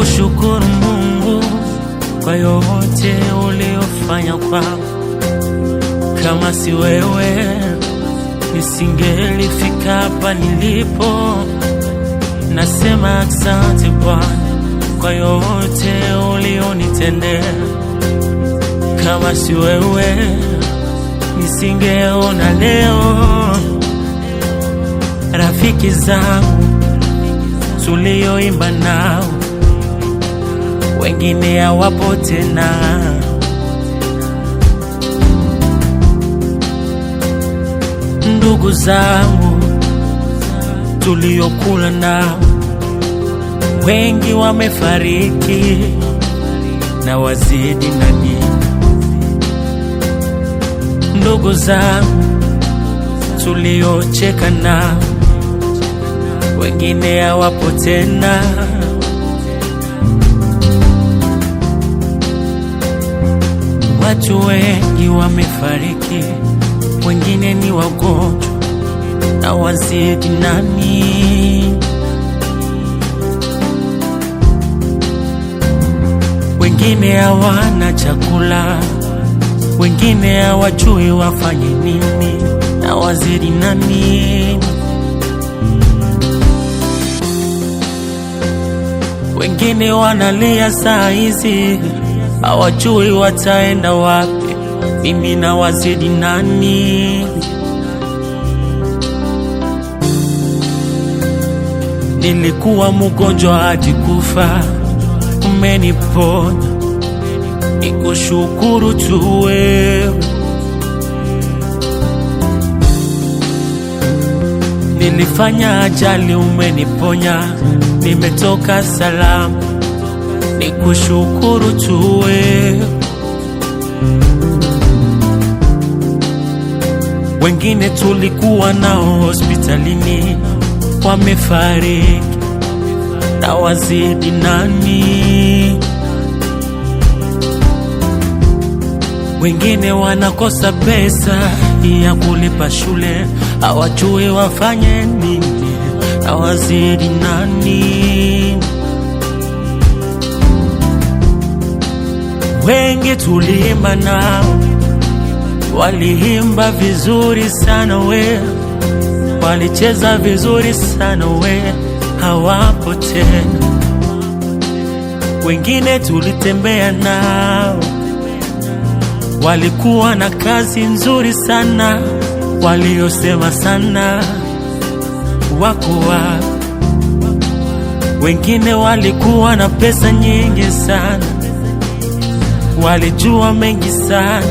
kushukuru Mungu kwa yote uliofanya kwangu. Kama si wewe nisingelifika hapa nilipo. Nasema asante Bwana kwa yote ulionitendea. Kama si wewe nisingeona leo rafiki zangu tulioimba nao wengine hawapo tena. Ndugu zangu tuliokula nao wengi wamefariki na wazidi na nyinyi. Ndugu zangu tuliocheka nao wengine hawapo tena. Watu wengi wamefariki, wengine ni wagonjwa na wazidi nani. Wengine hawana chakula, wengine hawajui wafanye nini na wazidi nani. Wengine wanalia saa hizi hawajui wataenda wapi, mimi na wazidi nani? Nilikuwa mgonjwa hadi kufa, umeniponya, nikushukuru tu wewe. Nilifanya ajali, umeniponya, nimetoka salama nikushukuru tuwe wengine tulikuwa nao hospitalini wamefariki na wazidi nani, wengine wanakosa pesa ya kulipa shule, hawajui wafanye nini na wazidi nani. wengi tuliimba nao, waliimba vizuri sana we, walicheza vizuri sana we, hawapo tena. Wengine tulitembea nao, walikuwa na kazi nzuri sana, waliosema sana wako Wengine walikuwa na pesa nyingi sana walijua mengi sana,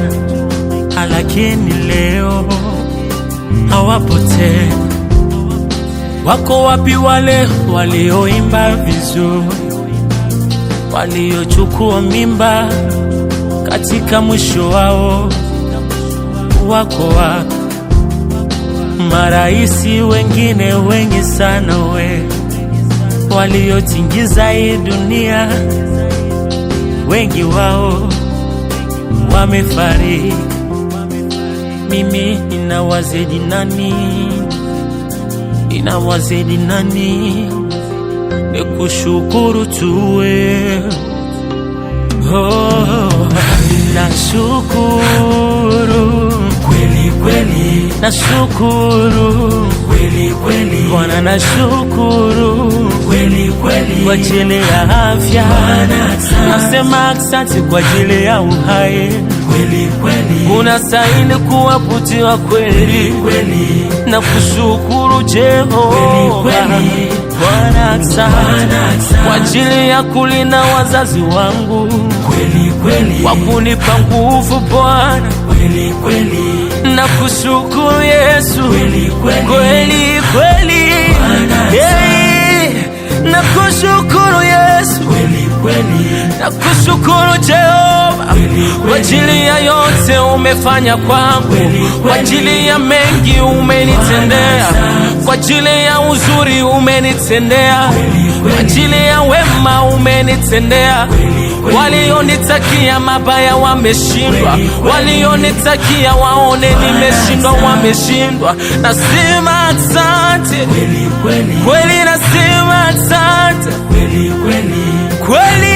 alakini leo hawapo tena. Wako wapi wale walioimba vizuri, waliochukua mimba katika mwisho wao? Wako wa maraisi wengine wengi sana we waliotingiza hii dunia, wengi wao wamefariki, mimi inawazidi nani? Inawazidi nani? Nikushukuru kushukuru tuwe oh, nashukuru kweli kweli, nashukuru kweli kweli, Bwana nashukuru kwa ajili ya afya, nasema asante kwa ajili ya uhai. Kuna saini kuwaputiwa kweli na kushukuru Jehova Bwana, asante kwa ajili ya kulina wazazi wangu kwa kunipa nguvu Bwana na kushukuru Yesu kweli kweli. Nakushukuru Yesu, nakushukuru Jehova kwa ajili ya yote umefanya kwangu, kwa ajili ya mengi umenitendea, kwa ajili ya uzuri umenitendea, kwa ajili ya wema umenitendea. Walionitakia mabaya wameshindwa, walionitakia waone nimeshindwa wameshindwa, nasema kweli nasema asante kweli